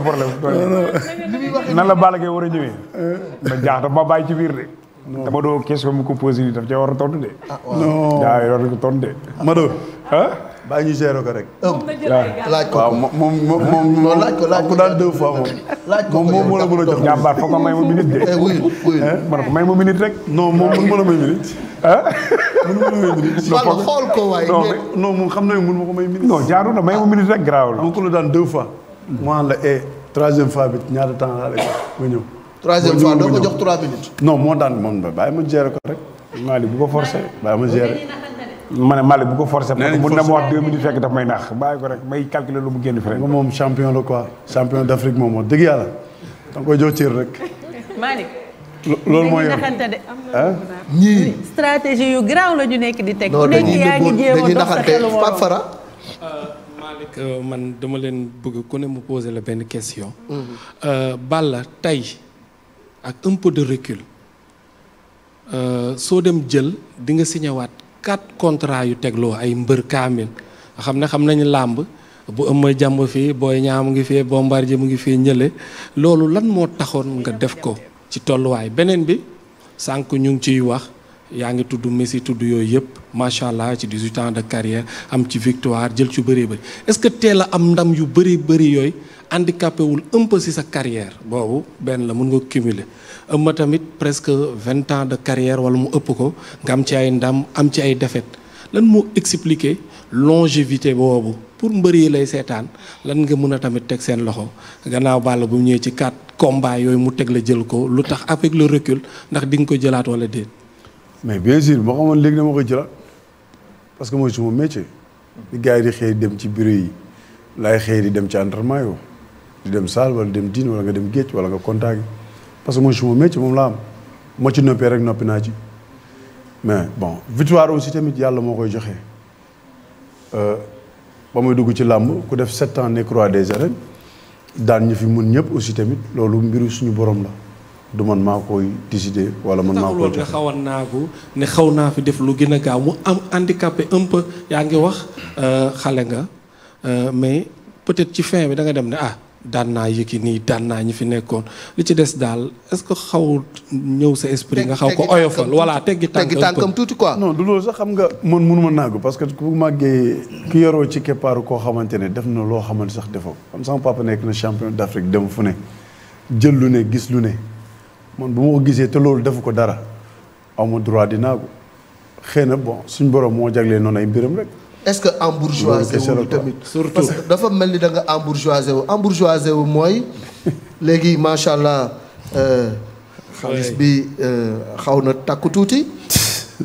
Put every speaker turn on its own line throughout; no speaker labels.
problème. nan la Balla Gaye war a ñëwee. da jaax daf ma bàyyi ci biir de. dama doon question mu ko posé nii daf cee war a tontu de. ah waaw yaa yor ko tontu de. Mado. ah. bàyyi ñu gérer ko rek. laaj ko waaw moom moom moom. laaj ko laaj ko daal deux fois moom. laaj ko moom moom moo la mën a jox. jàmbaar foog nga may ma minute de. Eh, eh, wuyu wuyu ma ne ko may ma minute rek. non moom mën ma may minute. ah. mën ma may minute. xool ko waaye. non non moom xam nañu mën ma ko may minute. non jaarul na may ma minute rek garaawul. am ko la daan deux fois. mu ànd la et eh, troisième fois bi ñaata temps laa lay ma ñëw. troisième fois doo ko jox trois minutes. non moo daan moom la bàyyi ma gérer ko rek. Mali bu ko forcé bàyyi ma gérer. ma ne Mali bu ko forcé. nee nañ na ma wax deux minutes fekk daf may naax bàyyi ko rek may calculer lu mu génn fi rek. moom champion la quoi champion d' Afrique moom wax dëgg yàlla da nga koy jox cër rek. Malick. loolu mooy
yoon
stratégie yu garaaw la ñu nekk di teg. ku nekk yaa ngi jéem a dox sa xelu Pape
Euh, man dama leen bëgg ku ne mu poser la benn question. Mhm. Euh, Balla tey ak un peu de recul euh, soo dem jël di nga signewaat quatre contrats yu tegloo ay mbër kaamil nga xam ne xam nañu làmb bu ëmma jàmb fii booy ñaa mu ngi fii bombardier mu ngi fii ñële loolu lan moo taxoon nga def ko ci tolluwaay beneen bi sànq ñu ngi ciy wax. yaa ngi tudd Messi tudd yooyu yëpp macha allah ci 18 ans de carrière am ci victoire jël ci bëree bëri est-ce que teel a am ndam yu bëri bëri yooyu handicapé wul un si sa carrière boobu benn la mun nga cumuler ëmma tamit presque vingt ans de carrière wala mu ëpp ko nga am ci ay ndam am ci ay défaites lan mu expliquer longévité boobu pour mbër yi lay seetaan lan nga mën a tamit teg seen loxo gannaaw Balla bu ñëwee ci quatre combats yooyu mu teg la jël ko lu tax avec le ndax di nga ko jëlaat wala déet. mais bien sûr boo xamoon léegi dama koy jëlaat parce que mooy suma métier.
di gars yi di dem ci bureau yi laay xëy di dem ci entraînement yoo di dem salle wala dem diin wala nga dem géej wala nga contact parce que mooy suma métier moom laa am moo ci noppee rek noppi naa ci mais bon victoire aussi tamit yàlla moo koy joxe euh, ba muy dugg ci làmb ku def sept ans nekk roi des arènes daan ñu fi mun ñëpp aussi tamit loolu mbiru suñu boroom la. du man maa koy décider wala man maa koy joxe nga
xawoon naa ko ne xaw naa fi def lu gën a mu am handicapé un peu yaa ngi wax euh, xale nga euh, mais peut-être ci fin bi da nga dem ne ah daan naa yëkki nii daan naa ñi fi nekkoon li ci des daal est-ce que xaw ñëw sa esprit nga xaw ko oyofal voilà teggi tànkam tuuti quoi non du loolu sax xam nga man mënuma naagu parce que ku màggee
ki yoroo ci keppaaru koo xamante ne def na loo xamante sax defoo kon sama papa nekk na champion d'Afrique dem fu ne jël lu ne gis lu ne man bu ma gisee te loolu defu ko dara amu droit di naagu xëy na bon suñ borom moo jaglee noonu ay mbiram rek.
est-ce que embourgeoisé wu tamit surtout parce que dafa mel ni da nga embourgeoisé wu embourgeoisé wu mooy léegi macha allah euh, xaalis bi euh, xaw na takk tuuti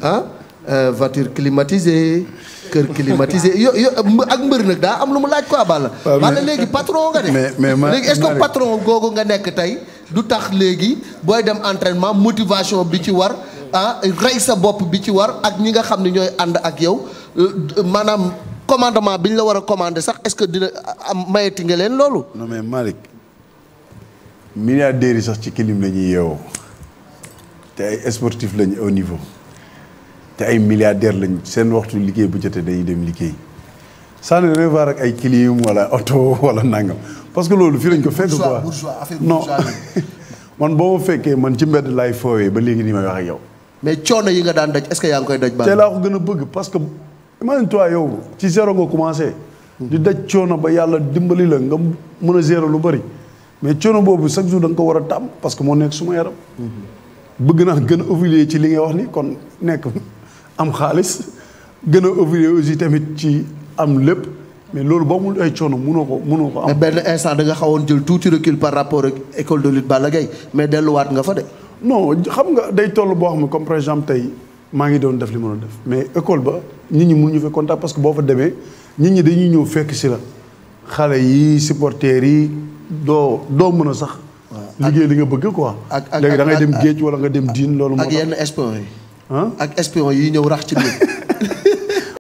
ah euh, voiture climatisée. kër climatisé yo yo ak mbeur nak da am lu laaj quoi bala Balla légui patron nga de légui est-ce que patron gogo nga nek tay du tax légui boy dem entraînement motivation bi ci war ah ray sa bop bi ci war ak ñi nga xamni ñoy and ak yow euh, manam commandement biñ la wara commander sax est-ce que dina ah, am mayeti nga len lolu non mais malik
milliardaire sax ci kilim lañuy yow yeewoo sportif lañu au niveau te ay milliardaire lañ seen waxtu liggéey bu jotee dañuy dem liggéey sànni da ngay vaar ak ay kilim wala oto wala nangam parce que loolu fii lañ ko fekk quoi non man boo ma fekkee man laay foowee ba léegi nii may wax
yow. mais coono yi nga daan daj est-ce yaa ngi koy daj. baax
laa ko gën a que imagine toi yow ci zéro nga commencé. Hmm. di daj coono ba yàlla dimbali la nga mën a zéro lu bari mais coono boobu chaque jour da ko war a tàmm parce que moo nekk suma yaram. Hmm. bëgg naa gën a évoluer ci li ngay wax ni kon nekk. am xaalis gën a ouvrier aussi tamit
ci am lépp mais loolu boo amul ay coono mënoo ko mënoo ko am. benn instant da nga xawoon jël tuuti recul par rapport ak école de lutte a Gaye mais delluwaat nga fa de. non xam nga day toll boo
xam ne comme par exemple tey maa ngi doon def li mën a def mais école ba nit ñi ñu fa contact parce que boo fa demee nit ñi dañuy ñëw fekk si la xale yi supporters yi doo doo mën a sax. liggéey li nga bëgg quoi. ak ak léegi da ngay dem géej wala nga dem diin loolu. moo tax ak yi. ak espion yi ñëw rax ci biir.